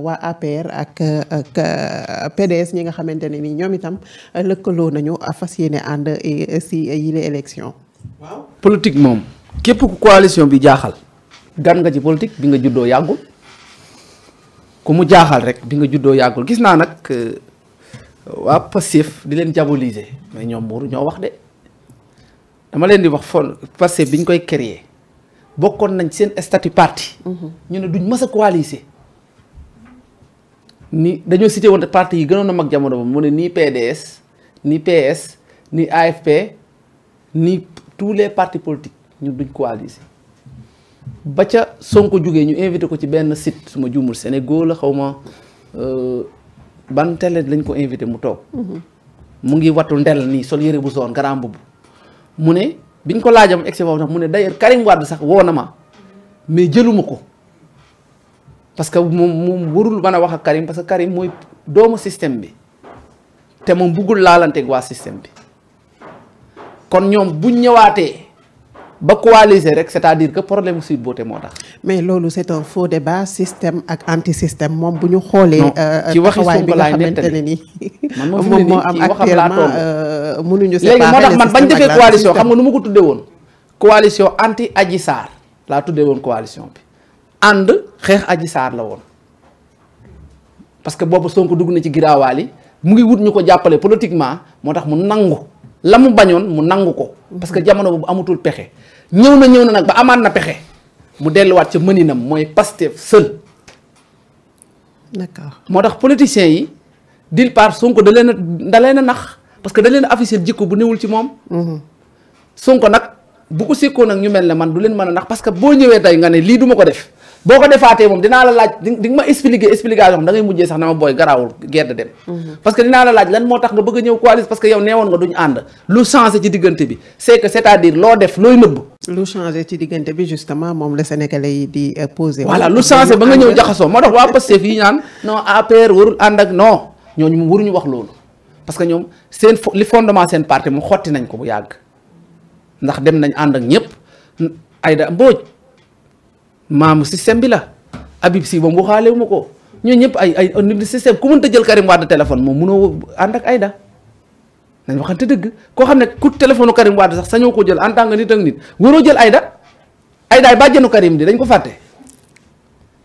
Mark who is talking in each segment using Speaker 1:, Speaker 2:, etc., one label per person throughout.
Speaker 1: waa APR ak ak PDS ñi nga xamante ne ni ñoom itam lëkkaloo nañu fas yéene ànd si yile élection.
Speaker 2: waaw politique moom képp ku coalition bi jaaxal gan nga ci politique bi nga juddoo yàggul ku mu jaaxal rek bi nga juddoo yàggul gis naa nag euh, waa Pastef di leen diaboliser may ñoom muuru ñoo wax de dama leen di wax fon Pastef bi ñu koy créer bokkoon nañ seen statut parti. Mhm. ñu ne duñ mës a ni dañoo cité woon parti yi gënoon a mag jamono ba mu ne nii PDS nii PS ni AFP ni tous les partis politiques ñu duñ ko coaliser ba ca Sonko jugee ñu invité ko ci benn sit suma ma juumul Sénégal la xaw ma euh, ban télé lañ ko invité mu toog. Mm-hmm. mu ngi wattu ndel nii sol yére bu zone grand boobu mu ne biñ ko laajam egg si foofu sax mu ne d'ailleurs Karim Wade sax woo na ma mais jëluma ko. parce que moom moom warul mën a wax ak Karim parce que Karim mooy doomu système bi te moom buggul laalanteeg waa système bi kon ñoom buñ ñëwaatee ba coaliser rek c'est-à-dire que problème Sweet Beauté moo tax.
Speaker 1: mais loolu c'est un faux débat système ak anti système moom bu ñu xoolee. Euh, ci waxi Sonko laay nettali ni
Speaker 2: man moom moo am actuellement euh, mënuñu séparer léegi moo tax man bañ defee coalition xam nga nu ma ko tuddee woon. coalition anti Adji Sarr laa tuddee woon coalition bi. ànd xeex aji saar la woon parce que boobu Sonko dugg na ci giraawaal yi mu ngi wut ñu ko jàppale politiquement moo tax mu nangu la mu bañoon mu nangu ko parce que jamono bu amatul pexe ñëw na ñëw na nag ba amaat na pexe mu delluwaat ca mëninam mooy Pastef seul d'accord moo tax politiciens yi d'une part Sonko da leen na da leen a nax parce que da leen a officiel jikko bu newul ci moom mm-hmm. Sonko nag bu ko sékkoon nag ñu mel ne man du leen mën a nax parce que boo ñëwee tey nga ne lii duma ko def boo ko defaatee moom dinaa la laaj di nga ma expliquer explication da ngay mujjee sax na ma booy garaawul gerte dem. Mhm. parce que dinaa la laaj lan moo tax nga bëgg a ñëw coalition parce que yow neewoon nga duñ ànd lu changé ci diggante bi c'est que c'est-à-dire loo def looy nëbb. lu changé ci
Speaker 1: diggante bi justement
Speaker 2: moom la Sénégalais yi di euh, posé. voilà lu changé ba nga ñëw jaxasoo moo tax waa Pastef yi ñaan non APR warul ànd ak non ñooñu moom waruñu wax loolu parce que ñoom seen li fondement seen parti moom xotti nañ ko bu yàgg ndax dem nañ ànd ak ñëpp Aïda Mbodj. maamu système bi la Habib Sy moom waxaale wu ma ko ñoo ñëpp ay ay nit di système ku mënta jël Karim Wade téléphone moom mënoo ànd ak Aïda nañ te dëgg koo xam ne ku téléphone Karim Wade sax sañoo ko jël en tant que nit ak nit waroo jël Aïda Aïda bàjjenu Karim di dañ ko fàtte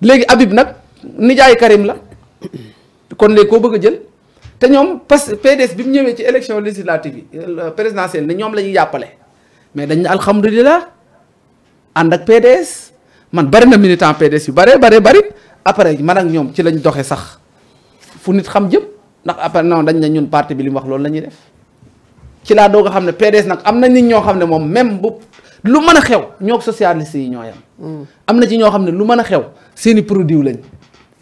Speaker 2: léegi Habib nag nijaayu Karim la kon léegi koo bëgg a jël te ñoom parce que PDS bi mu ñëwee ci élection législative yi euh, présidentielle ne ñoom la ñuy yàppale mais dañ ne ànd ak man bari na militant PDS yu bare bare bari après man ak ñom ci lañ doxé sax fu nit xam jëm nak après non dañ na ñun parti bi lim wax loolu lañuy def ci la doog xamne PDS nak Amna na nit ñoo xamne mom même bu lu mëna xew ñok socialiste yi ñoyam mm. amna na ci ñoo xamne lu mëna xew seeni produit lañ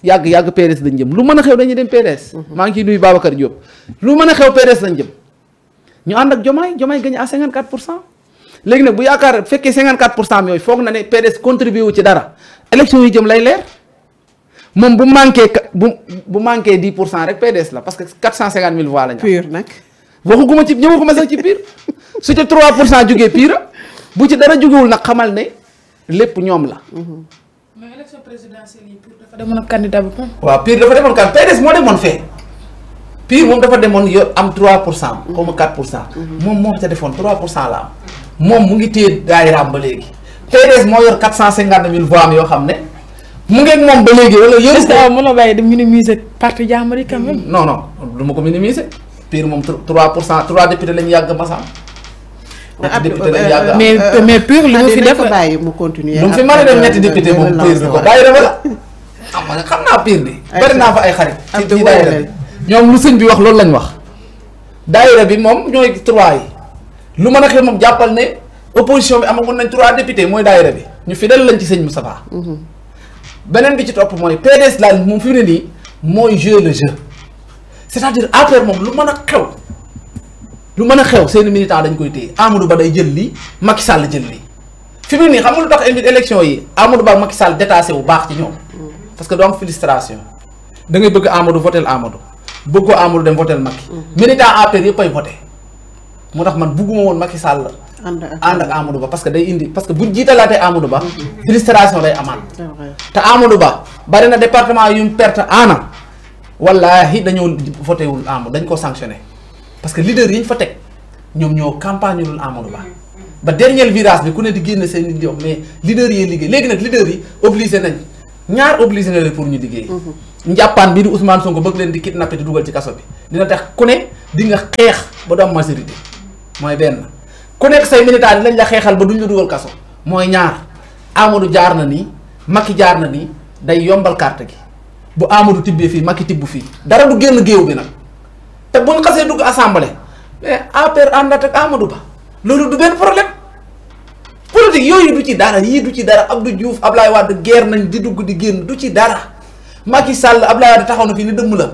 Speaker 2: yag yag PDS dañ jëm lu mëna xew dañuy dem PDS mm-hmm. ma ngi nuyu Diop lu mëna xew PDS lañ jëm ñu and ak jomay jomay gagne 54 léegi nak bu yakar bu 54 yoy cent na ne PDS contribué ci dara élection yi jëm lay leer mom bu manké bu manké 10 rek PDS la parce que 450000 voix la ñu. pure nak waxuguma ci ñëwaguma sax ci pire su ci 3 pour cent pire bu ci dara jugewul nak xamal ne lépp ñom la. mais élection présidentielle yi pire dafa demoon candidat bu waaw pire dafa demoon kan PDS moo demoon fee. pire moom dafa demoon am 3 pour cent. comme 4 pour cent. Mhm. moom moom 3 la moom mu ngi téye daayiraam ba léegi PDS moo yor quatre cent cinquante mille voix am yoo xam ne mu ngeeg moom ba léegi wala yoru est-ce a bàyyi di minimiser parti jàmbur yi quand même non non du ma ko minimiser pire moom trois pour cent trois députés lañu yàgg Massa député lañu euh, yàgg euh, mais mais pire lu mu fi def bàyyi
Speaker 1: mu continuer lu mu fi mën a dem ñetti député moom pire ko bàyyi
Speaker 2: dafa la xam naa pire bi bari naa fa ay xarit ci daayira bi ñoom lu sëñ bi wax loolu lañu wax daayira bi moom ñooy trois yi lu mën a xew moom jàppal ne opposition bi amagoon nañ trois députés mooy daayira bi ñu fidèle lañ ci mu Moustapha mhm. beneen bi ci topp mooy PDS daal moom fi mu ne nii mooy jouer le jeu c'est-à-dire après moom lu mën a xew lu mën a xew seeni militant dañ koy téye Amadou Ba day jël lii Macky Sall jël lii fi mu xam nga lu tax invite yi Amadou Ba Macky Sall détaché wu baax ci ñoom mhm. parce que doo am frustration da ngay bëgg Amadou votel Amadou bëggoo Amadou dem votel Macky mhm. militant APR yëpp ay voté moo tax man bugguma won Macky Sall and ak Amadou Ba parce que day indi parce que buñ jiitalaatee Amadou Ba mm-hmm. frustration day amal ta Amadou Ba bari na département yu perte ana wallahi dañu voté wul Amadou dañ ko sanctionner parce que leader yiñ fa tek ñom ñoo campagne wul Amadou Ba ba dernier virage bi ku ne di guéné seen nit di wax mais leader yi liggéey légui nak leader yi obligé nañ ñaar obligé na leen pour ñu liggéey mm-hmm. njàppaan bi di Ousmane Sonko bëgg leen di kidnapper di duggal ci kasso bi dina tax ku ne di nga xeex ba do am majorité moy ben ku nek say militant lañ la xéxal ba duñ la duggal kasso moy ñaar Amadou jaar na ni Macky jaar na ni day yombal carte gi bu Amadou tibbe fi Macky tibbu fi dara du genn geew bi nak te buñ xasse dugg assemblée mais APR andat ak Amadou Ba lolu du ben problème politique yoyu du ci dara yi du ci dara Abdou Diouf ablay wad guerre nañ di dugg di genn du ci dara Macky Sall ablay wad taxaw fi ni deum la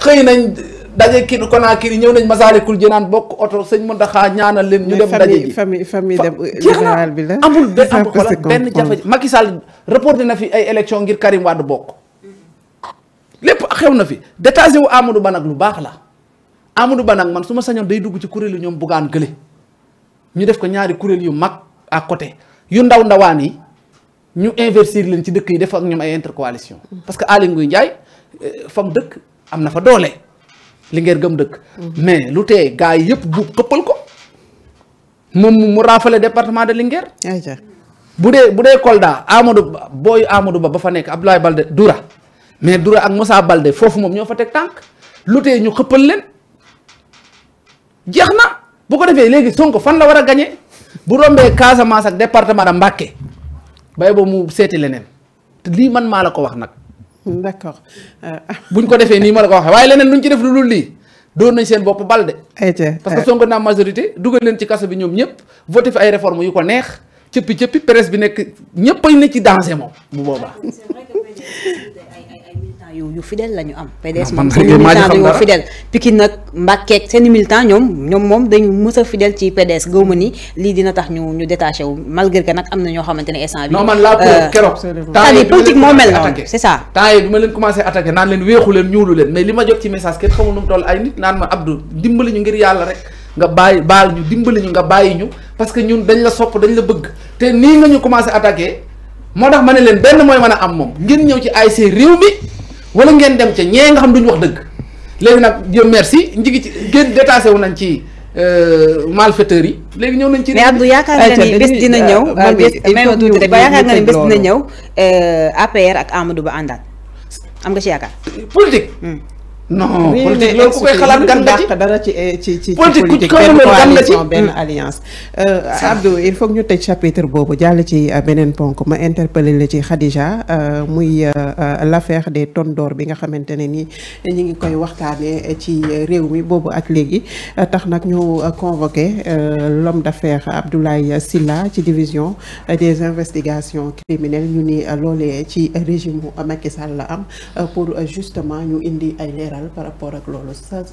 Speaker 2: xey nañ. daje kii Conakry ñëw nañ Masaalikul Jinaan bokk oto sëñ Mountakha ñaanal leen. ñu dem daje ji famille famille dem général bi la amul benn amul xoolal benn jafe Macky Sall reporté na fi ay élection ngir Karim Wade bokk. lépp xew na fi détaché wu Amadou Ba nag lu baax la Amadou Ba nag man su ma sañoon day dugg ci kuréel yu ñoom bugaan gële ñu def ko ñaari kuréel yu mag à côté yu ndaw ndawaan yi ñu investir leen ci dëkk yi def ak ñoom ay intercoalition parce que Aly Ngouille Ndiaye euh, fa mu dëkk am na fa doole. li ngeen gëm dëkk. mais lu tee gars yi yëpp buub xëppal ko moom mu raafale département de Linguère. bu dee bu dee Kolda Amadou Ba booy Amadou Ba ba fa nekk Abdoulaye Balde Dura mais Dura ak Moussa Balde foofu moom ñoo fa teg tànk lu tee ñu xëppal leen jeex na bu ko defee léegi Sonko fan la war a gañe bu rombee Casamance ak département de Mbacké bay boobu mu seeti leneen te lii man maa la ko wax nag. d'accord. Euh, buñ ko défé ni ma la ko waxee waaye leneen luñ ci def lu dul lii doon nañ seen bop bal dé de. parce que euh. Sonko naa majorité dugal leen ci kaso bi ñom ñëpp voté fi ay réformes yu ko neex cëppi cëppi presse bi nek ñëpp ay ne ci danger moom bu boba C'est vrai boobaa. militant you yu fidèle lañu am PDS moom seen militant dañoo fidèle
Speaker 1: Pikine nag Mbàkkeeg seen militant ñoom ñoom moom dañu mës a fidèle ci PDS gëwma ni lii dina tax ñu ñu détaché wu malgré que nag am na ñoo xamante ne instant bi non man la preuve euh, keroog
Speaker 2: c'est-à-dire politique moo mel noonu c'est ça temps yi bi ma leen commencé attaqué naan leen weexu leen ñuulu leen mais li ma jot ci message kenn xamul nu mu toll ay nit naan ma Abdou dimbali ñu ngir yàlla rek nga bàyyi baal ñu dimbali ñu nga bàyyi ñu parce que ñun dañ la sopp dañ la bëgg te nii nga ñu commencé attaqué moo tax ma ne leen benn am mom. ngeen ñëw ci ASC réew mi wala ngeen dem ca ñee nga xam duñu wax dëgg léegi nag Dieu merci njigi ci gën détaché wu nañ ci euh, malfaiteurs yi léegi ñëw nañ ci. mais Abdou yaakaar nga ni bés dina euh, ñëw. Ah, même tuuti rek ba yaakaar nga ni bés dina ñëw euh,
Speaker 1: APR ak Amadou Ba àndaat am nga ci yaakaar. politique. Hmm. non il faut que nous nous chapitre l'affaire des tonnes d'or convoqué euh, l'homme d'affaires Abdoulaye Silla, division des investigations criminelles Nous euh, régime euh, pour justement nous indiquer para poder gloriosar